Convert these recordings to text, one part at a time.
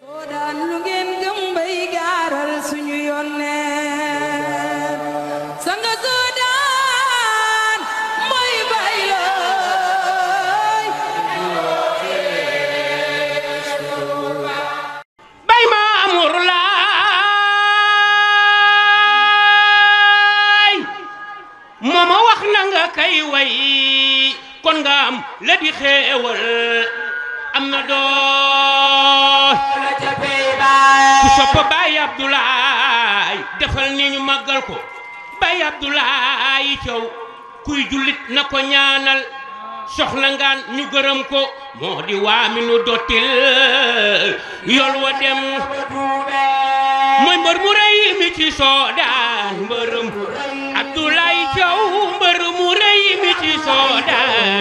soo daan lu gaaral suñu yónnee sanga soo daan bay ma amur laay mooma wax kay way kon nga la di xeewal am na doom ku soppa Baye Abdoulaye defal ni ñu màggal ko Baye Abdoulaye Thiaw kuy jullit na ko ñaanal soxla ngaan ñu gërëm ko moo di waami nu dottil yol wa dem mooy mbër mu rëy mi soodaan mbërëm mu rëy mi soodaan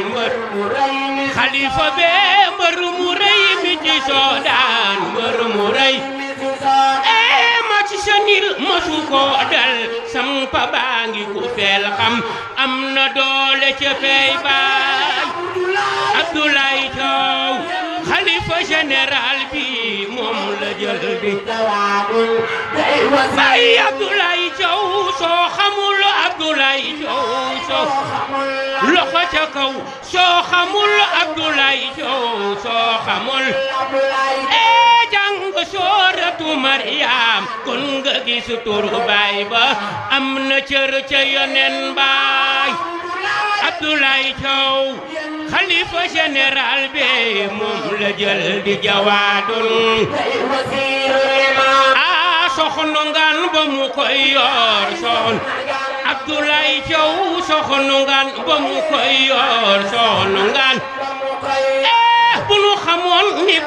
mbër mu rëy sa nil masu ko dal sampa baa ngi ku feel xam am na doole ca fey baay Abdoulaye Thiaw xalifa général bi moom la jël di baay Abdoulaye Thiaw soo xamul Abdoulaye Thiaw soo xamul ee eh, jàng soor Maryam kon nga gis turu baay ba am na cër ca yonen baay Abdoulaye Thiaw xalifa général bi moom la jël jawaadun aa ah, soxna ngaan ba mu koy yor soon Abdoulaye Thiaw soxna ngaan ba mu koy yor soxna xamoon ni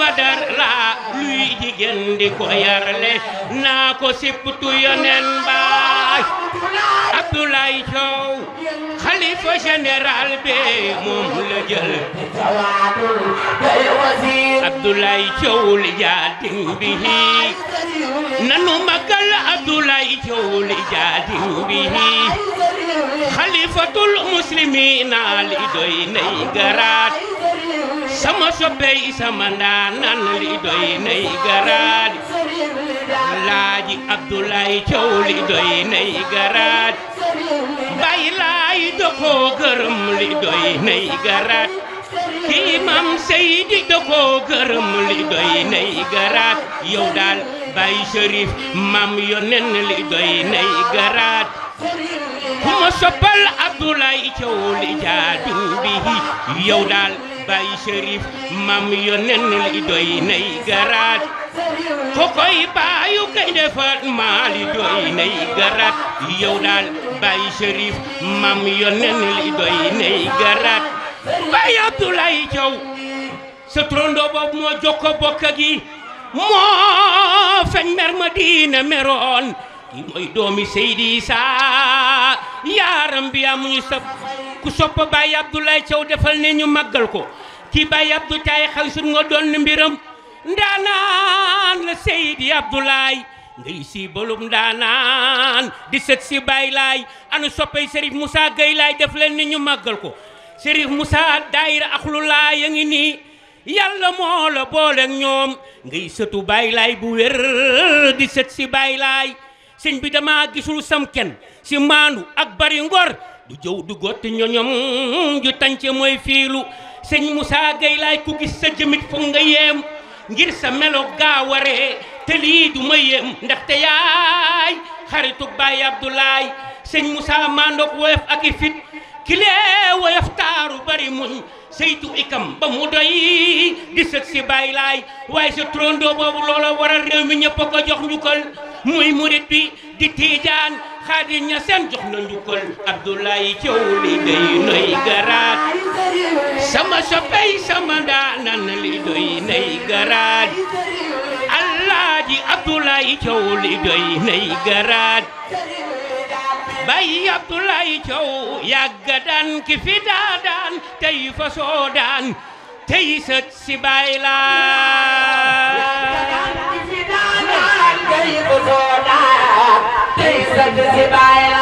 li jaatin bi nanu magal Abdoulaye Thiaw li jaatin bi xalifatul muslimina li doy nay garaat sama soppey sama ndaanan li doy nay garaadi laaji Abdoulaye Thiaw li doy nay garaadi bay laay dokoo gërëm li doy nay garaadi kii mam Seydi dokoo gërëm li doy nay garaadi yow daal bay Cherif mam yonen li doy nay garaadi ku ma soppal Abdoulaye Thiaw li jaadu bi daal bay Cherif mam yonennul i doy nay garaat ko koy baayu kay defat maal i doy nay garaat yow daal bay Cherif mam yonennul i doy nay garaat bay Abdoulaye Diaw sa trondo boobu moo jokko bokka gi moo feñ mer ma diina meroon ki mooy doomi Seydi Issa yaaram bi amuñu sab ku sopp Baye Abdoulaye ciow defal ne ñu maggal ko ki Baye Abdou Taye xalisul nga don mbiram ndanan le Seydi Abdoulaye ngay si bolum ndanan di set si Baye lay anu soppay Serif Musa gay lay def len ni ñu maggal ko Serif Moussa daira axlu laay a ngi ni yalla mo la bol ak ñom ngay setu Baye lay bu wer di set si Baye lay sëñ bi dama gisul sam ken si Manu ak bari ngor du jëw du gotti ñoñom ju tànce mooy fiilu sëñ musa Gueye laay ku gis sa jëmit foog nga yeem ngir sa melo gaa waree te du ma yéem ndaxte yaay xaritu Baye Abdoulaye sëñ Moussa mandook woyof ak i fit kilee woyof taaru bari muñ saytu ikam ba mu doy di sët si Baye laay waaye sa trondoo boobu loola waral réew mi ñëpp a ko jox njukkal muy murit bi di tiijaan xaadi ña seen jox na njukkal Abdoulaye Thiaw li doy noy garaat sama soppey sama daanan li doy nay garaat Alaaji Abdoulaye Thiaw li doy nay garaat bay Abdoulaye Thiaw yàgga daan ki fi daa daan fa soo daan sët si baay सद सिवाय